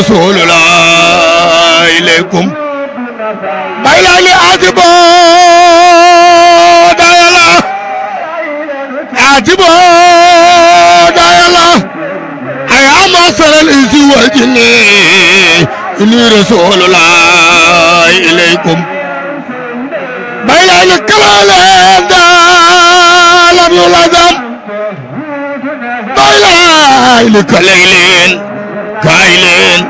رسول الله إليكم بيلا لأجبو دايلا أجبو دايلا أيا مصر الإنس والجن إني رسول الله إليكم بيلا لكلالين دالم يولدم بيلا لكلالين kaay leen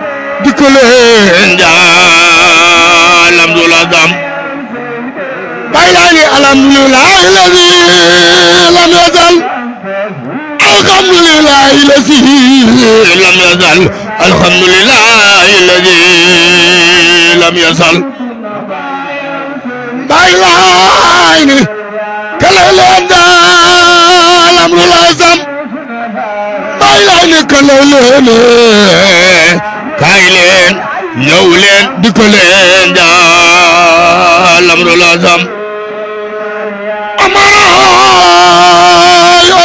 dikk leen alhamdulilah gam bàyyi laa ni alhamdulilah ladi lam yazal alhamdulilah ladi lam yazal alhamdulilah ladi lam yazal ذلك لولين كايلين لولين دكولين دا الأمر الأعظم أمر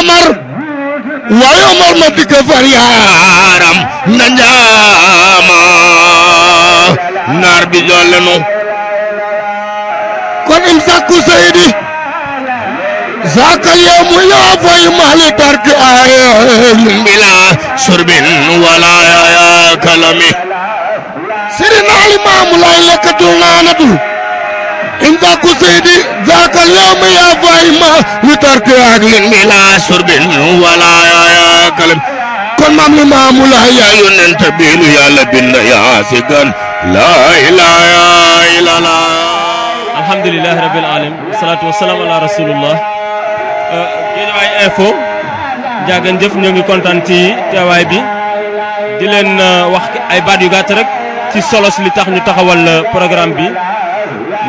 أمر واي أمر ما ديك فريارم نجاما نار بجولنو كون إمساكو سيدي ذاك اليوم يا في مهل ترك آية شرب ولا يا كلام سيرنا الإمام لا لك دونانة إن ذاك سيدي ذاك اليوم يا فايما لترك laa yaa yonent bi lu yàlla bind yaa si gan laa ilaaha illallah alhamdulilah rabbil alamin wasalaatu wasalaam ala rasulullah Guédiawaye info jaageen jëf ñoo ngi kontaan ci teewaay bi di leen euh, wax ay baat yu gàtt rek ci solos li tax ñu taxawal euh, programme bi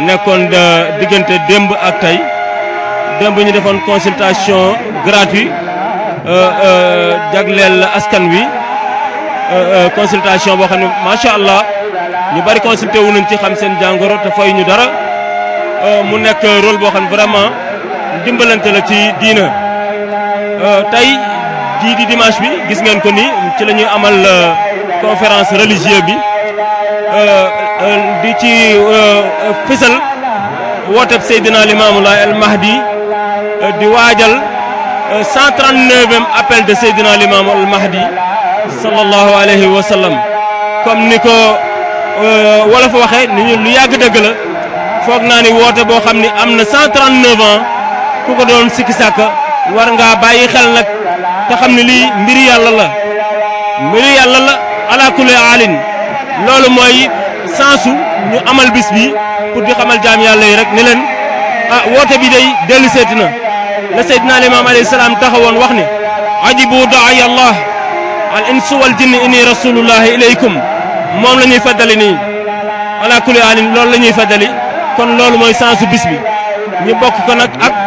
nekkoon euh, diggante démb ak tay démb ñu defoon consultation gratuite jagleel askan wi consultation boo xam ne macha allah ñu bari consulté wu nañ ci xam seen jàngoro te fay ñu dara mu nekk rol boo xam ne vraiment dimbalante la ci diina. Eh, tay di di dimanche bi gis ngeen ko ni ci lañuy amal eh, conférence religieuse bi eh, di ci fessel wotep sayyidina limamullah al mahdi di wadjal 139e appel de sayyidina limam al mahdi sallallahu alayhi wa sallam comme niko wala fa waxe ni lu yag deug la fokk na ni wote bo xamni amna 139 ans kuko don sikisaka war nga bàyyi xel nak te xamni li lii mbiri yàlla la mbiri yàlla la ala kulli alin loolu moy sansu ñu amal bis bi pour di xamal jaam yàlla yi rek ne len ah wote bi day delu setina la sayyidina imam alayhi salaam taxawon wax ni ajibu daaya allah al insu wal jinn inni rasulullah ilaykum mom lañuy fadali ni ala kulli alin loolu lañuy fadali kon loolu moy sansu bis bi ñu bokk ko nak ak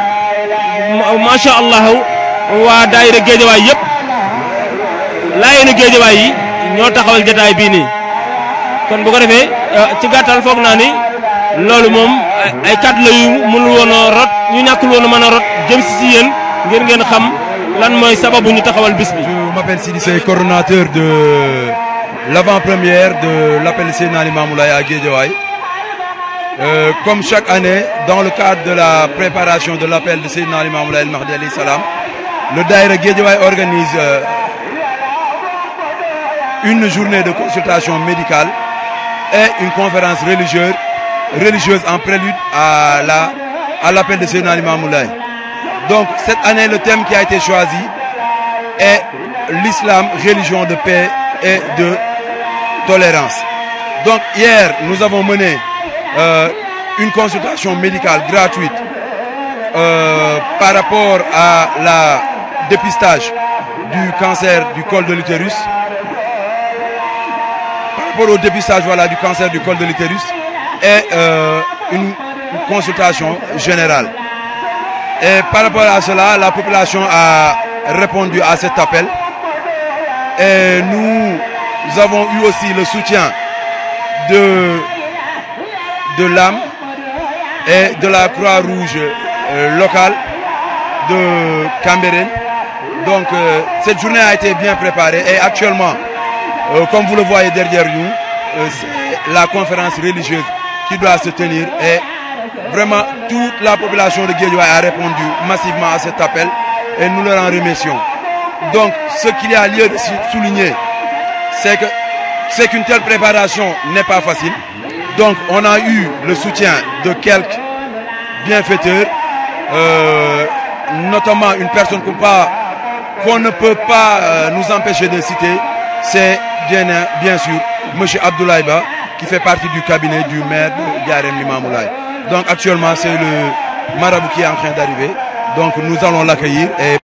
macha allah waa daayira géejawaay yëpp laayeenu géejawaay yi ñoo taxawal jataay bii nii kon bu ko defee euh, ci gàttal foog naa ni loolu moom ay kàddu la yu mënul woon a rot ñu ñàkkul woon mën a rot jëm si si ngir ngeen xam lan mooy sababu ñu taxawal bis bi. je m'appelle Sidi Seye coordonnateur de l'avant-première de l'appel Seydina Limamoulaye à Guédiawaye Euh, comme chaque année, dans le cadre de la préparation de l'appel de Sayyidina Imam El Mahdi le Daïra Guédiouaï organise euh, une journée de consultation médicale et une conférence religieuse, religieuse en prélude à la à l'appel de Sayyidina Imam Donc cette année, le thème qui a été choisi est l'islam, religion de paix et de tolérance. Donc hier, nous avons mené euh, une consultation médicale gratuite euh, par rapport à la dépistage du cancer du col de l'utérus, par rapport au dépistage voilà, du cancer du col de l'utérus, et euh, une consultation générale. Et par rapport à cela, la population a répondu à cet appel. Et nous avons eu aussi le soutien de de l'âme et de la Croix-Rouge euh, locale de Cameroun. Donc euh, cette journée a été bien préparée et actuellement, euh, comme vous le voyez derrière nous, c'est la conférence religieuse qui doit se tenir et vraiment toute la population de Guédioua a répondu massivement à cet appel et nous leur en remercions. Donc ce qu'il y a lieu de souligner, c'est que c'est qu'une telle préparation n'est pas facile. Donc on a eu le soutien de quelques bienfaiteurs, euh, notamment une personne qu'on ne peut pas euh, nous empêcher de citer, c'est bien, sûr M. Abdoulaye qui fait partie du cabinet du maire de Yarem Donc actuellement c'est le marabout qui est en train d'arriver. Donc nous allons l'accueillir et